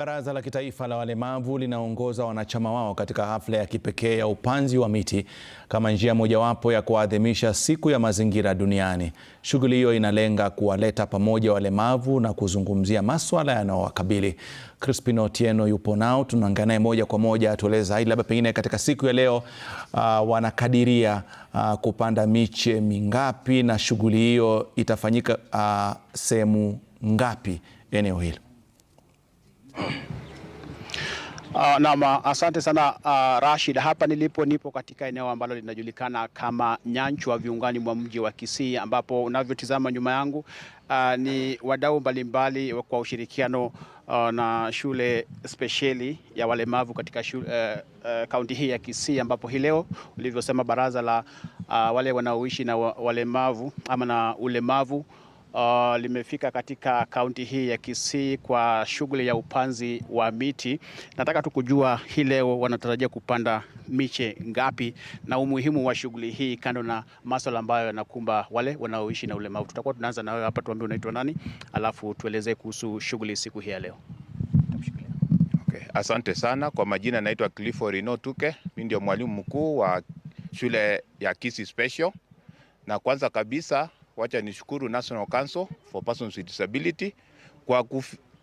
Baraza la Kitaifa la Walemavu linaongoza wanachama wao katika hafla ya kipekee ya upanzi wa miti kama njia mojawapo ya kuadhimisha Siku ya Mazingira Duniani. Shughuli hiyo inalenga kuwaleta pamoja walemavu na kuzungumzia maswala yanayowakabili. Crispino Otieno yupo nao, tunaongea naye moja kwa moja, atueleza hili. Labda pengine katika siku ya leo uh, wanakadiria uh, kupanda miche mingapi na shughuli hiyo itafanyika uh, sehemu ngapi eneo hilo? Uh, naam, asante sana uh, Rashid. Hapa nilipo nipo katika eneo ambalo linajulikana kama Nyanchwa viungani mwa mji wa Kisii, ambapo unavyotizama nyuma yangu uh, ni wadau mbalimbali kwa ushirikiano uh, na shule spesheli ya walemavu katika shule, uh, uh, eh, hii ya Kisii, ambapo hii leo ulivyosema baraza la uh, wale wanaoishi na walemavu ama na ulemavu uh, limefika katika kaunti hii ya Kisii kwa shughuli ya upanzi wa miti. Nataka tu kujua hii leo wanatarajia kupanda miche ngapi na umuhimu wa shughuli hii kando na masuala ambayo yanakumba wale wanaoishi na ulemavu. Tutakuwa tunaanza na wewe hapa, tuambie unaitwa nani, alafu tuelezee kuhusu shughuli siku hii ya leo. Okay. Asante sana kwa majina, naitwa Clifford Rino Tuke, mimi ndio mwalimu mkuu wa shule ya Kisii Special, na kwanza kabisa wacha nishukuru National Council for Persons with Disability kwa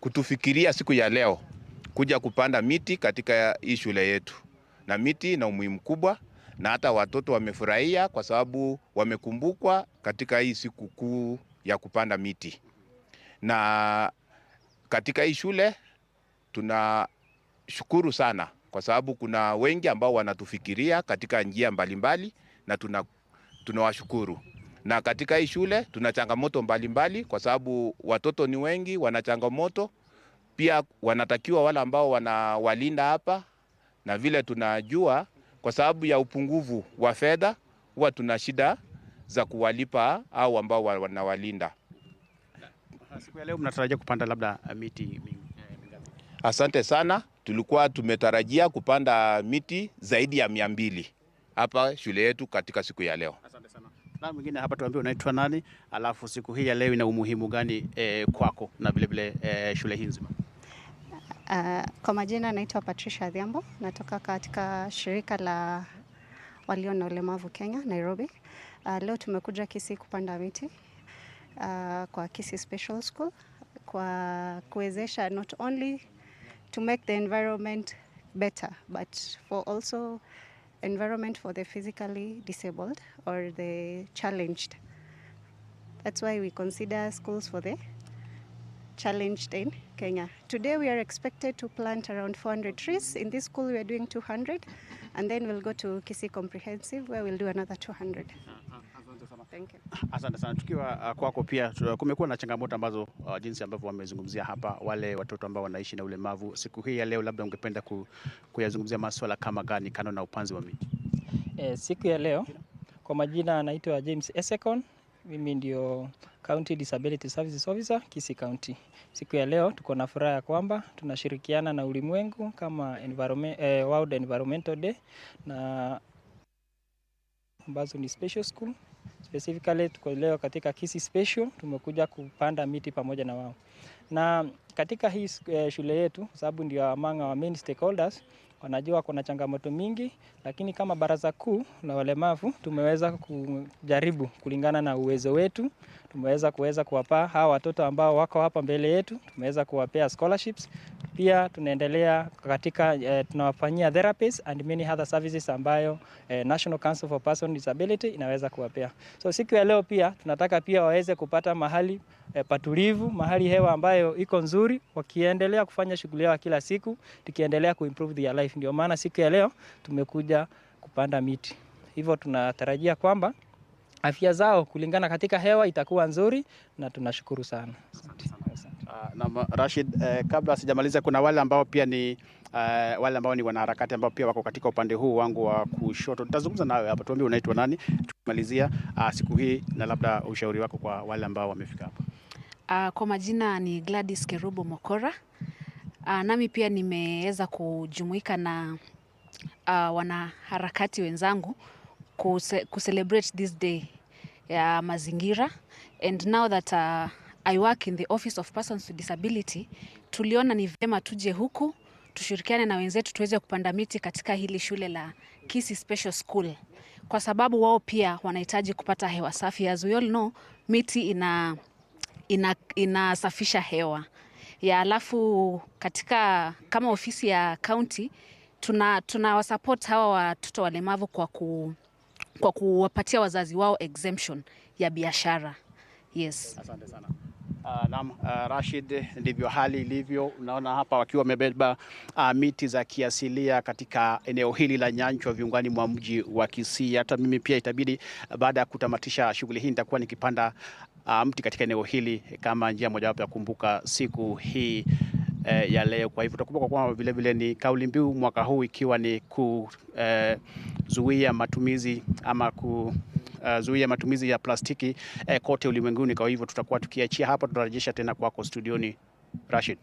kutufikiria siku ya leo kuja kupanda miti katika hii shule yetu, na miti na umuhimu kubwa na hata watoto wamefurahia kwa sababu wamekumbukwa katika hii siku kuu ya kupanda miti. Na katika hii shule tunashukuru sana kwa sababu kuna wengi ambao wanatufikiria katika njia mbalimbali mbali, na tunawashukuru na katika hii shule tuna changamoto mbalimbali kwa sababu watoto ni wengi, wana changamoto pia, wanatakiwa wale ambao wanawalinda hapa, na vile tunajua kwa sababu ya upungufu wa fedha huwa tuna shida za kuwalipa au ambao wanawalinda. Siku ya leo mnatarajia kupanda labda eh, miti mingi? Asante sana. Tulikuwa tumetarajia kupanda miti zaidi ya mia mbili hapa shule yetu katika siku ya leo. Na mwingine hapa, tuambie unaitwa nani, alafu siku hii ya leo ina umuhimu gani e, kwako na vilevile e, eh, shule hii nzima? Uh, kwa majina naitwa Patricia Adhiambo, natoka katika shirika la walio na ulemavu Kenya Nairobi. Uh, leo tumekuja Kisii kupanda miti uh, kwa Kisii Special School kwa kuwezesha not only to make the environment better but for also environment for the physically disabled or the challenged. That's why we consider schools for the challenged in Kenya. Today we are expected to plant around 400 trees. In this school we are doing 200 and then we'll go to Kisi Comprehensive where we'll do another 200. Uh-huh. Thank you. Asante sana. Tukiwa uh, kwako pia, uh, kumekuwa na changamoto ambazo uh, jinsi ambavyo wamezungumzia hapa wale watoto ambao wanaishi na ulemavu. Siku hii ya leo, labda ungependa ku, kuyazungumzia masuala kama gani kando na upanzi wa miti? E, siku ya leo kwa majina anaitwa James Esekon. Mimi ndio County Disability Services Officer Kisii County. Siku ya leo tuko na furaha ya kwamba tunashirikiana na ulimwengu kama environment, eh, World Environmental Day na ambazo ni special school Specifically tuko leo katika Kisii Special, tumekuja kupanda miti pamoja na wao. Na katika hii eh, shule yetu sababu ndio among our main stakeholders wanajua kuna changamoto mingi, lakini kama baraza kuu la walemavu tumeweza kujaribu kulingana na uwezo wetu, tumeweza kuweza kuwapa hawa watoto ambao wako hapa mbele yetu, tumeweza kuwapea scholarships. Pia tunaendelea katika eh, tunawafanyia therapies and many other services ambayo eh, National Council for with Disability inaweza kuwapea pia. So siku ya leo pia tunataka pia waweze kupata mahali e, patulivu, mahali hewa ambayo iko nzuri, wakiendelea kufanya shughuli yao kila siku, tukiendelea kuimprove their life. Ndio maana siku ya leo tumekuja kupanda miti, hivyo tunatarajia kwamba afya zao kulingana katika hewa itakuwa nzuri, na tunashukuru sana. Ah, na Rashid, eh, kabla sijamaliza, kuna wale ambao pia ni eh, wale ambao ni wanaharakati ambao pia wako katika upande huu wangu wa kushoto. Tutazungumza nawe hapa, tuambie unaitwa nani kumalizia uh, siku hii na labda ushauri wako kwa wale ambao wamefika hapa. Uh, kwa majina ni Gladys Kerubo Mokora. Uh, nami pia nimeweza kujumuika na uh, wanaharakati wenzangu ku celebrate this day ya mazingira and now that uh, I work in the office of persons with disability, tuliona ni vyema tuje huku tushirikiane na wenzetu tuweze kupanda miti katika hili shule la Kisi Special School, kwa sababu wao pia wanahitaji kupata hewa safi. As we all know, miti ina ina inasafisha hewa ya alafu, katika kama ofisi ya kaunti tuna tunawasupport hawa watoto walemavu kwa ku kwa kuwapatia wazazi wao exemption ya biashara. Yes. Asante sana. Uh, na uh, Rashid, ndivyo hali ilivyo. Unaona hapa wakiwa wamebeba uh, miti za kiasilia katika eneo hili la Nyanchwa viungani mwa mji wa Kisii. Hata mimi pia itabidi baada ya kutamatisha shughuli hii nitakuwa nikipanda uh, mti katika eneo hili kama njia mojawapo ya kumbuka siku hii eh, ya leo. Kwa hivyo utakumbuka kwamba vile vile ni kauli mbiu mwaka huu ikiwa ni kuzuia eh, matumizi ama ku kuzuia eh, uh, matumizi ya plastiki eh, kote ulimwenguni. Kwa hivyo tutakuwa tukiachia hapa, tutarejesha tena kwako studioni Rashid.